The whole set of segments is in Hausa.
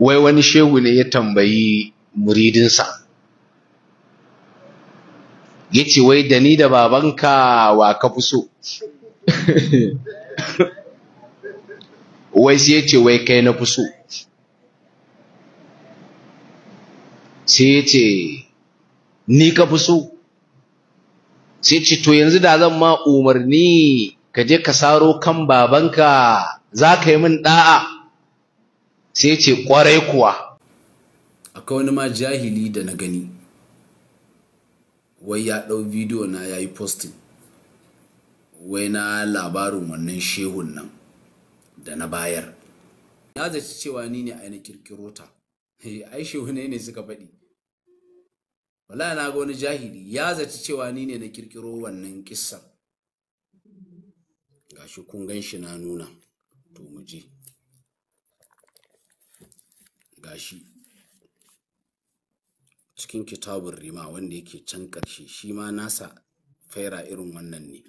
wai wani shehu ne ya tambayi muridinsa ya ce wai da ni da babanka wa ka fi so wai sai ya ce wai kai na fi so sai ya ce ni ka fi so sai ce to yanzu da zan ma umarni ka je ka saro kan babanka za ka yi min da'a. sai ce kwarai kuwa akwai wani ma jahili da na gani wai ya ɗau bidiyo na ya yi posting wai na labarin wannan shehun nan da na bayar ya zaci cewa ni ne aina kirkiro ta eh, ai shehu ne ne suka faɗi wala na ga wani jahili ya zaci cewa ni ne na kirkiro wannan Ga gashi kun ganshi na nuna to mu je gashi cikin kitabun rima wanda yake can ƙarshe shi ma nasa faira irin wannan ne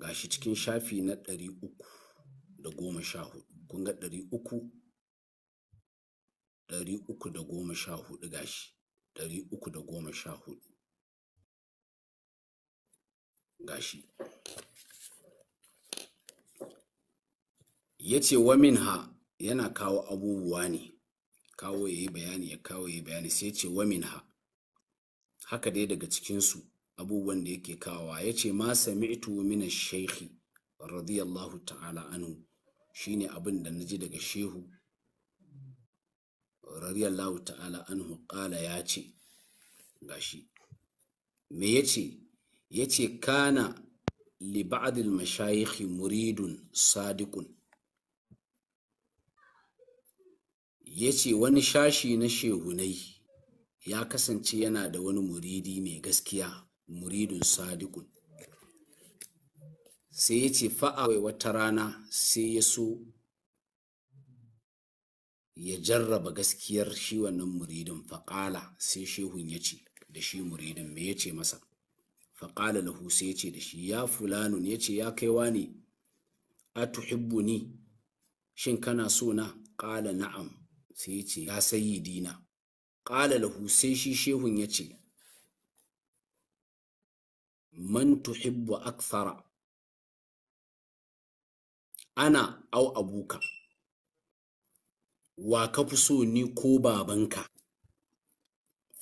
gashi cikin shafi na ɗari uku da goma sha hudu kun ga ɗari uku ɗari uku da goma sha hudu gashi ɗari uku da goma sha hudu gashi ya ce wamin ha yana kawo abubuwa ne kawo yayi bayani ya kawo yayi bayani sai ce wa minha haka dai daga cikin su abubuwan da yake kawowa Yace ce ma sami'tu min shaykhi radiyallahu ta'ala anhu shine abin da ji daga shehu radiyallahu ta'ala anhu qala ya ce gashi me yace yace kana li ba'd al mashayikh muridun sadiqun ya ce wani shashi na shegunai ya kasance yana da wani muridi mai gaskiya muridin sadiqun sai ya ce fa'awai wata rana sai ya so ya jarraba gaskiyar shi wannan muridin faƙala sai shehun ya ce da shi muridin me ya ce masa faƙala lahu sai ya ce da shi ya fulanun ya ce ya kaiwa ne a tuhibbu ni shin kana so na ƙala na'am sai ya ce ya sayi dina ƙala lahu sai shi shehun ya ce man tuhibbu aksara ana au abuka wa ka fi so ni ko babanka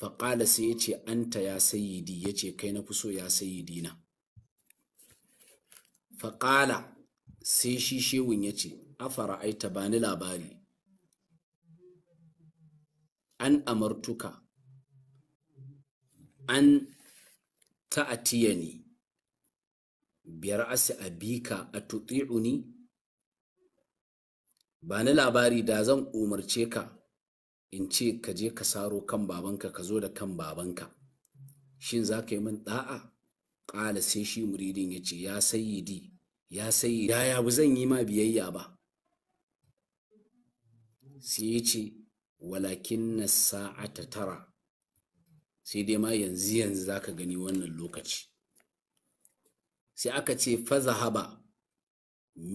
faƙala sai ya ce anta ya sayi di ya ce kai na fi so ya sayi dina. faƙala sai shi shewun ya ce afara aita ba ni labari an amartuka an ni. biyar asi abika a tuɗi'uni ba ni labari da zan umarce ka in ce ka je ka saro kan babanka ka zo da kan babanka shin za ka yi min ɗa'a ƙala sai shi muridin ya ce ya sayyidi ya sayi yaya ba zan yi ma biyayya ba sai ya ce walakin na sa'ata tara sai dai ma yanzu yanzu za ka gani wannan lokaci sai aka ce haba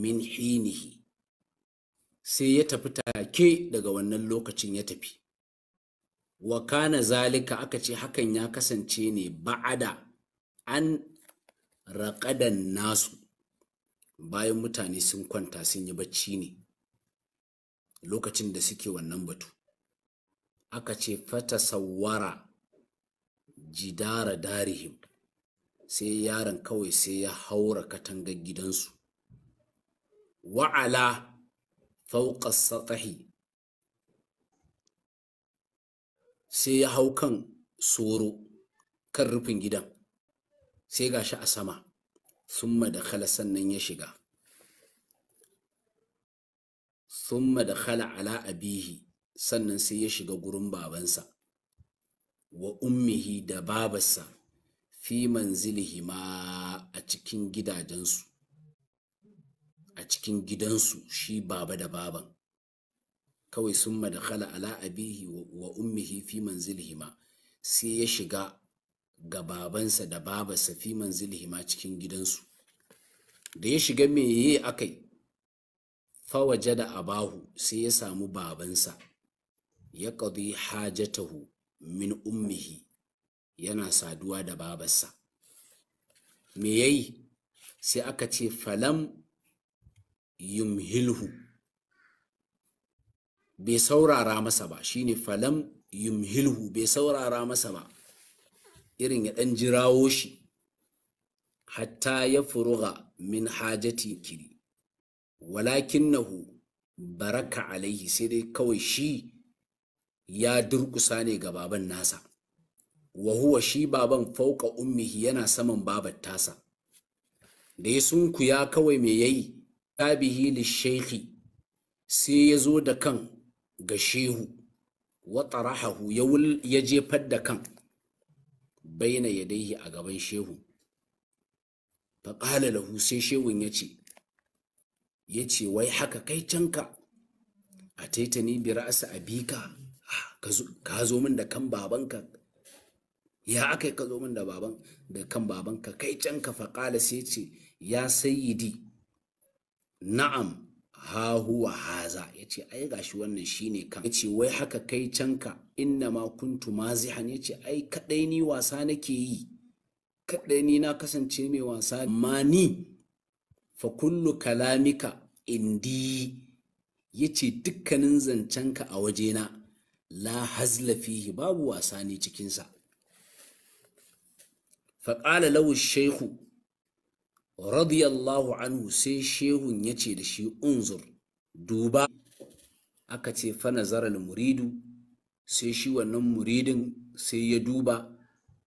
min hinihi sai ya tafi take daga wannan lokacin ya tafi wa kana zalika aka ce hakan ya kasance ne ba'ada an raƙadan nasu bayan mutane sun kwanta sun yi bacci ne lokacin da suke wannan batu aka ce fata sawara jidara darihim sai yaron kawai sai ya haura katangar gidansu wa'ala fauƙa satahi sai ya hau kan soro kan rufin gidan sai gashi a sama ma da kala sannan ya shiga ma da kala ala abihi sannan sai ya shiga gurin babansa wa ummihi da babarsa fi ma a cikin gidajensu a cikin gidansu shi baba da baban kawai sun madakhala ala abihi wa ummihi fi ma sai ya shiga ga babansa da babarsa fi ma cikin gidansu da ya shiga meye akai fawaje da abahu sai ya samu babansa ya ƙadi hajatahu min ummihi yana saduwa da babarsa me yayi sai aka ce falam yumhilhu bai saurara masa ba shine falam yumhilhu bai saurara masa ba irin ya ɗan jirawo shi hatta ya furuga min hajati kiri nahu, baraka alaihi sai dai kawai shi ya durƙusa ne ga baban nasa wa huwa shi baban fauka ummihi yana saman babar tasa da ya sunkuya kawai me yayi tabihi lishekhi sai ya zo da kan ga shehu wa tarahahu ya jefar da kan baina daihi a gaban shehu faƙala lahu sai shehun ya ce ya ce wai haka kai canka a taitani bi ra'asa abika ka zo min da kan babanka ya aka ka zo min da baban da kan babanka kai can ka faƙala sai ce ya sayyidi na'am ha huwa haza ya ce ai gashi wannan shine kan ya ce wai haka kai can ka inna ma kuntu mazihan ya ce ai kaɗai ni wasa nake yi kaɗai ni na kasance mai wasa ma ni fa kullu kalamika indi ya ce dukkanin zancenka a wajena la hazla fihi babu wasa ne cikinsa faƙala lawu shehu radiyallahu anhu sai shehun ya ce da shi unzur duba aka ce fa nazarar muridu sai shi wannan muridin sai ya duba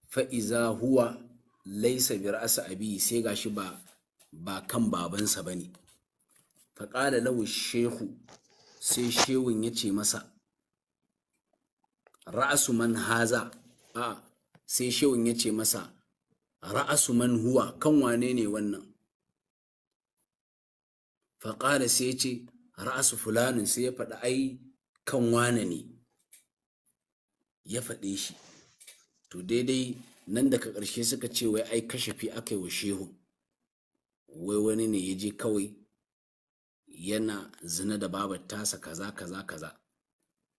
fa'iza huwa laisa bi ra'asa abi sai gashi ba ba kan babansa bane faƙala lawu shehu sai shehun ya ce masa ra'asu man haza a sai shehun ya ce masa ra'asu man huwa kan wane ne wannan faƙada sai ya ce ra'asu fulanin sai ya faɗi ai kan wane ne ya faɗe shi to daidai nan daga ƙarshe suka ce wai ai kashafi aka yi wa shehu wai wani ne ya je kawai yana zina da babar tasa kaza kaza kaza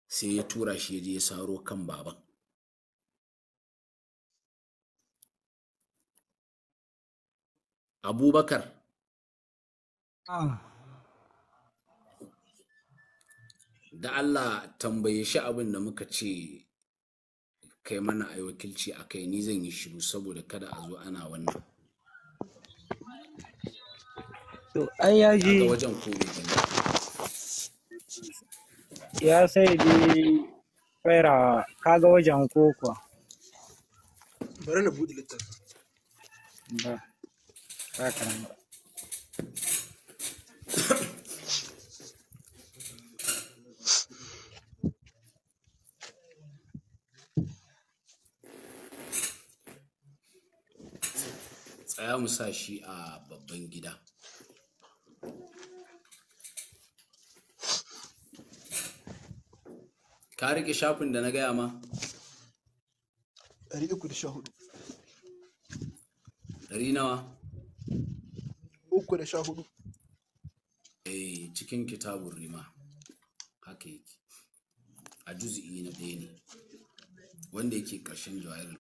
sai ya tura shi ya je ya saro kan baban abubakar ah. da Allah tambaye shi abin da muka ce kai mana a wakilci a kai ni zan yi shiru saboda kada a zo ana wannan to ai wajen ya sai di fairawa kaga wajen kokwa bari na bude littafin ba ba karamba tsaya mu sa shi a babban gida ka rike shafin da na gaya ma 314 ɗari nawa uku da sha hudu eh cikin kitabun rima haka yake a juzi'i na ɗaya ne wanda yake ƙarshen jawahirul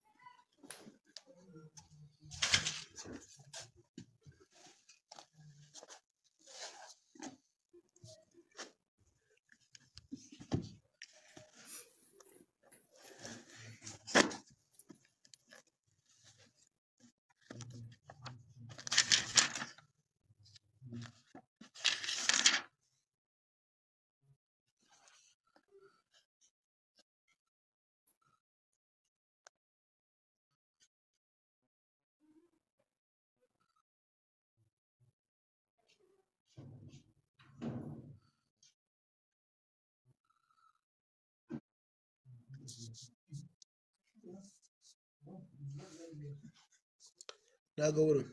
ta ga wurin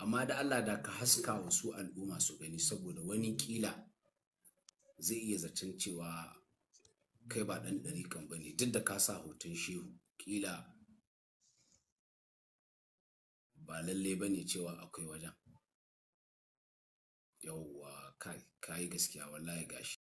amma da Allah da ka haska wasu al'umma su gani saboda wani kila zai iya zaton cewa kai ba ɗan ɗari kan bane duk da ka sa hoton shehu kila ba lalle bane cewa akwai wajen yawwa kai kai gaskiya wallahi gashi